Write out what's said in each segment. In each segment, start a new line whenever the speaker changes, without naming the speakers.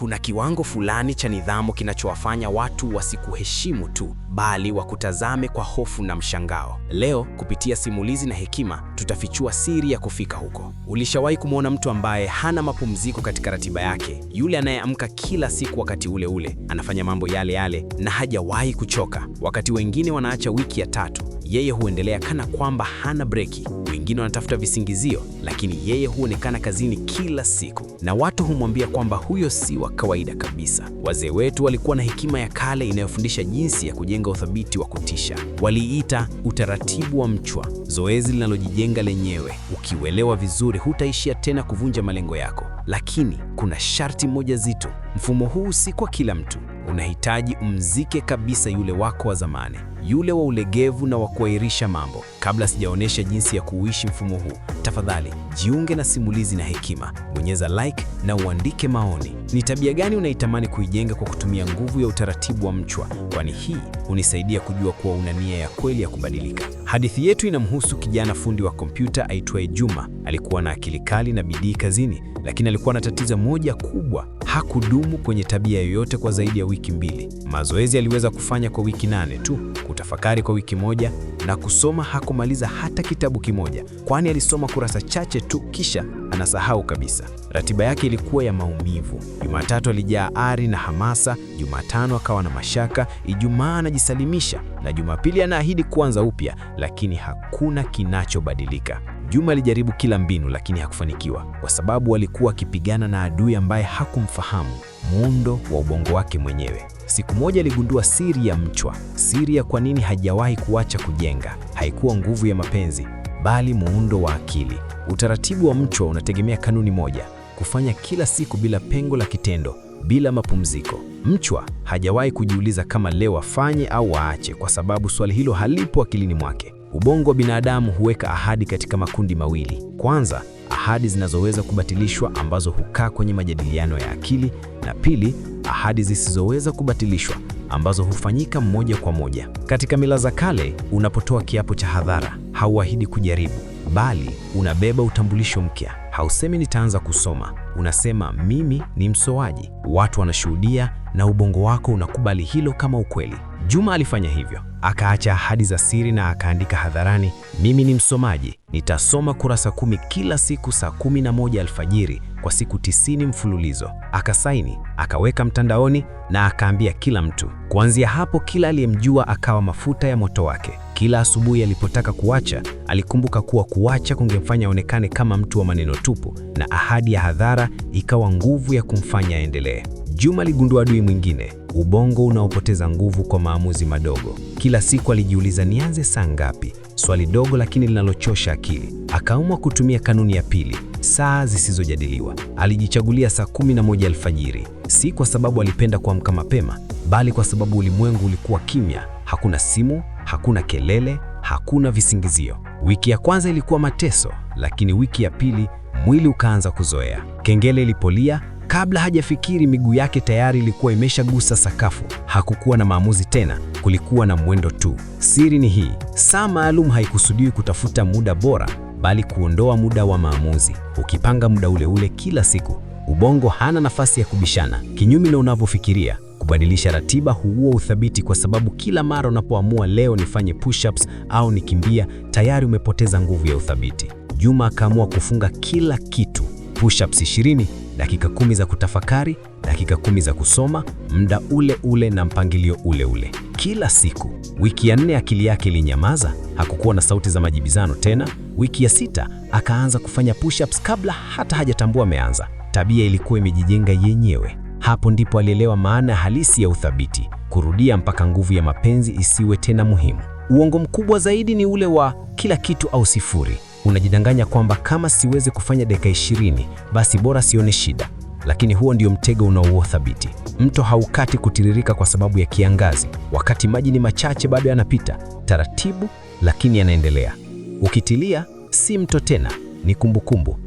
Kuna kiwango fulani cha nidhamu kinachowafanya watu wasikuheshimu tu, bali wakutazame kwa hofu na mshangao. Leo kupitia simulizi na hekima, tutafichua siri ya kufika huko. Ulishawahi kumwona mtu ambaye hana mapumziko katika ratiba yake, yule anayeamka kila siku wakati ule ule, anafanya mambo yale yale na hajawahi kuchoka? Wakati wengine wanaacha wiki ya tatu yeye huendelea kana kwamba hana breki. Wengine wanatafuta visingizio, lakini yeye huonekana kazini kila siku, na watu humwambia kwamba huyo si wa kawaida kabisa. Wazee wetu walikuwa na hekima ya kale inayofundisha jinsi ya kujenga uthabiti wa kutisha. Waliita utaratibu wa mchwa, zoezi linalojijenga lenyewe. Ukiuelewa vizuri, hutaishia tena kuvunja malengo yako, lakini kuna sharti moja zito: mfumo huu si kwa kila mtu unahitaji umzike kabisa yule wako wa zamani, yule wa ulegevu na wa kuahirisha mambo. Kabla sijaonyesha jinsi ya kuuishi mfumo huu, tafadhali jiunge na Simulizi na Hekima, bonyeza like na uandike maoni. Ni tabia gani unaitamani kuijenga kwa kutumia nguvu ya utaratibu wa mchwa? Kwani hii hunisaidia kujua kuwa una nia ya kweli ya kubadilika. Hadithi yetu inamhusu kijana fundi wa kompyuta aitwaye Juma. Alikuwa na akili kali na bidii kazini, lakini alikuwa na tatizo moja kubwa: hakudumu kwenye tabia yoyote kwa zaidi ya wiki wiki mbili. Mazoezi aliweza kufanya kwa wiki nane tu, kutafakari kwa wiki moja, na kusoma hakumaliza hata kitabu kimoja, kwani alisoma kurasa chache tu, kisha anasahau kabisa. Ratiba yake ilikuwa ya maumivu. Jumatatu alijaa ari na hamasa, Jumatano akawa na mashaka, Ijumaa anajisalimisha, na Jumapili anaahidi kuanza upya, lakini hakuna kinachobadilika. Juma alijaribu kila mbinu, lakini hakufanikiwa kwa sababu alikuwa akipigana na adui ambaye hakumfahamu muundo wa ubongo wake mwenyewe. Siku moja aligundua siri ya mchwa, siri ya kwa nini hajawahi kuacha kujenga. Haikuwa nguvu ya mapenzi, bali muundo wa akili. Utaratibu wa mchwa unategemea kanuni moja, kufanya kila siku bila pengo la kitendo, bila mapumziko. Mchwa hajawahi kujiuliza kama leo afanye au waache, kwa sababu swali hilo halipo akilini mwake. Ubongo wa binadamu huweka ahadi katika makundi mawili. Kwanza, ahadi zinazoweza kubatilishwa ambazo hukaa kwenye majadiliano ya akili, na pili, ahadi zisizoweza kubatilishwa ambazo hufanyika moja kwa moja. Katika mila za kale, unapotoa kiapo cha hadhara, hauahidi kujaribu, bali unabeba utambulisho mpya. Hausemi nitaanza kusoma, unasema mimi ni msoaji. Watu wanashuhudia na ubongo wako unakubali hilo kama ukweli. Juma alifanya hivyo. Akaacha ahadi za siri na akaandika hadharani, mimi ni msomaji, nitasoma kurasa kumi kila siku saa kumi na moja alfajiri kwa siku tisini mfululizo. Akasaini, akaweka mtandaoni na akaambia kila mtu. Kuanzia hapo, kila aliyemjua akawa mafuta ya moto wake. Kila asubuhi alipotaka kuacha, alikumbuka kuwa kuacha kungemfanya aonekane kama mtu wa maneno tupu, na ahadi ya hadhara ikawa nguvu ya kumfanya aendelee. Juma aligundua adui mwingine ubongo unaopoteza nguvu kwa maamuzi madogo. Kila siku alijiuliza nianze saa ngapi, swali dogo lakini linalochosha akili. Akaamua kutumia kanuni ya pili, saa zisizojadiliwa. Alijichagulia saa kumi na moja alfajiri, si kwa sababu alipenda kuamka mapema, bali kwa sababu ulimwengu ulikuwa kimya. Hakuna simu, hakuna kelele, hakuna visingizio. Wiki ya kwanza ilikuwa mateso, lakini wiki ya pili mwili ukaanza kuzoea. Kengele ilipolia Kabla hajafikiri miguu yake tayari ilikuwa imeshagusa sakafu. Hakukuwa na maamuzi tena, kulikuwa na mwendo tu. Siri ni hii: saa maalum haikusudiwi kutafuta muda bora, bali kuondoa muda wa maamuzi. Ukipanga muda ule ule kila siku, ubongo hana nafasi ya kubishana. Kinyume na unavyofikiria, kubadilisha ratiba huua uthabiti, kwa sababu kila mara unapoamua leo nifanye push-ups au nikimbia, tayari umepoteza nguvu ya uthabiti. Juma akaamua kufunga kila kitu push-ups 20, dakika kumi za kutafakari, dakika kumi za kusoma, muda ule ule na mpangilio ule ule kila siku. Wiki ya nne akili yake ilinyamaza, hakukuwa na sauti za majibizano tena. Wiki ya sita akaanza kufanya push-ups kabla hata hajatambua ameanza. Tabia ilikuwa imejijenga yenyewe. Hapo ndipo alielewa maana halisi ya uthabiti, kurudia mpaka nguvu ya mapenzi isiwe tena muhimu. Uongo mkubwa zaidi ni ule wa kila kitu au sifuri. Unajidanganya kwamba kama siwezi kufanya dakika ishirini, basi bora sione shida. Lakini huo ndio mtego unaouo thabiti Mto haukati kutiririka kwa sababu ya kiangazi, wakati maji ni machache bado yanapita taratibu, lakini yanaendelea. Ukitilia si mto tena, ni kumbukumbu.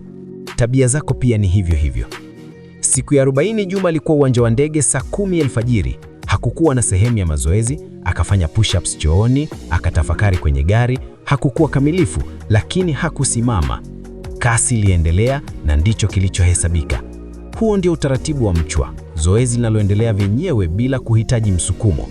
Tabia zako pia ni hivyo hivyo. Siku ya 40 Juma alikuwa uwanja wa ndege saa kumi alfajiri. Hakukuwa na sehemu ya mazoezi, akafanya push-ups chooni, akatafakari kwenye gari Hakukuwa kamilifu, lakini hakusimama. Kasi iliendelea na ndicho kilichohesabika. Huo ndio utaratibu wa mchwa, zoezi linaloendelea vyenyewe bila kuhitaji msukumo.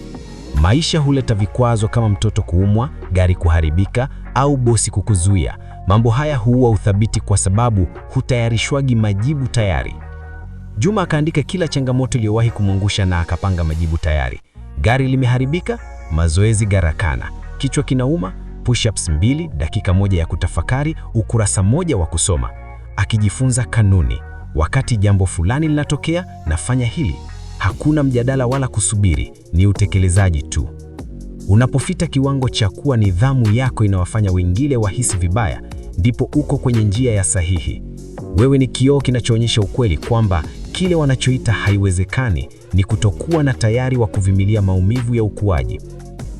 Maisha huleta vikwazo kama mtoto kuumwa, gari kuharibika, au bosi kukuzuia. Mambo haya huua uthabiti kwa sababu hutayarishwagi majibu tayari. Juma akaandika kila changamoto iliyowahi kumwangusha na akapanga majibu tayari. Gari limeharibika, mazoezi garakana, kichwa kinauma, push-ups mbili, dakika moja ya kutafakari, ukurasa moja wa kusoma, akijifunza kanuni. Wakati jambo fulani linatokea, nafanya hili. Hakuna mjadala wala kusubiri, ni utekelezaji tu. Unapofita kiwango cha kuwa nidhamu yako inawafanya wengine wahisi vibaya, ndipo uko kwenye njia ya sahihi. Wewe ni kioo kinachoonyesha ukweli kwamba kile wanachoita haiwezekani ni kutokuwa na tayari wa kuvimilia maumivu ya ukuaji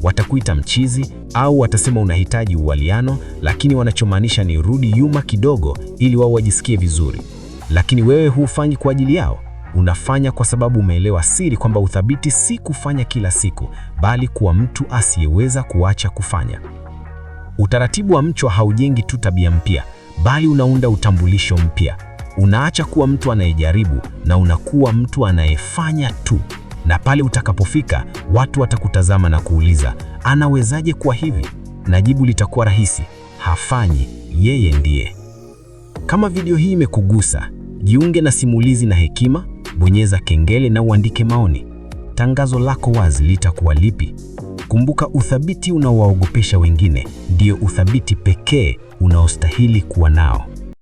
watakuita mchizi au watasema unahitaji uwaliano, lakini wanachomaanisha ni rudi yuma kidogo, ili wao wajisikie vizuri. Lakini wewe hufanyi kwa ajili yao, unafanya kwa sababu umeelewa siri kwamba uthabiti si kufanya kila siku, bali kuwa mtu asiyeweza kuacha kufanya. Utaratibu wa mchwa haujengi tu tabia mpya, bali unaunda utambulisho mpya. Unaacha kuwa mtu anayejaribu na unakuwa mtu anayefanya tu na pale utakapofika watu watakutazama na kuuliza anawezaje kuwa hivi, na jibu litakuwa rahisi: hafanyi, yeye ndiye. Kama video hii imekugusa, jiunge na Simulizi na Hekima, bonyeza kengele na uandike maoni. Tangazo lako wazi litakuwa lipi? Kumbuka, uthabiti unaowaogopesha wengine ndio uthabiti pekee unaostahili kuwa nao.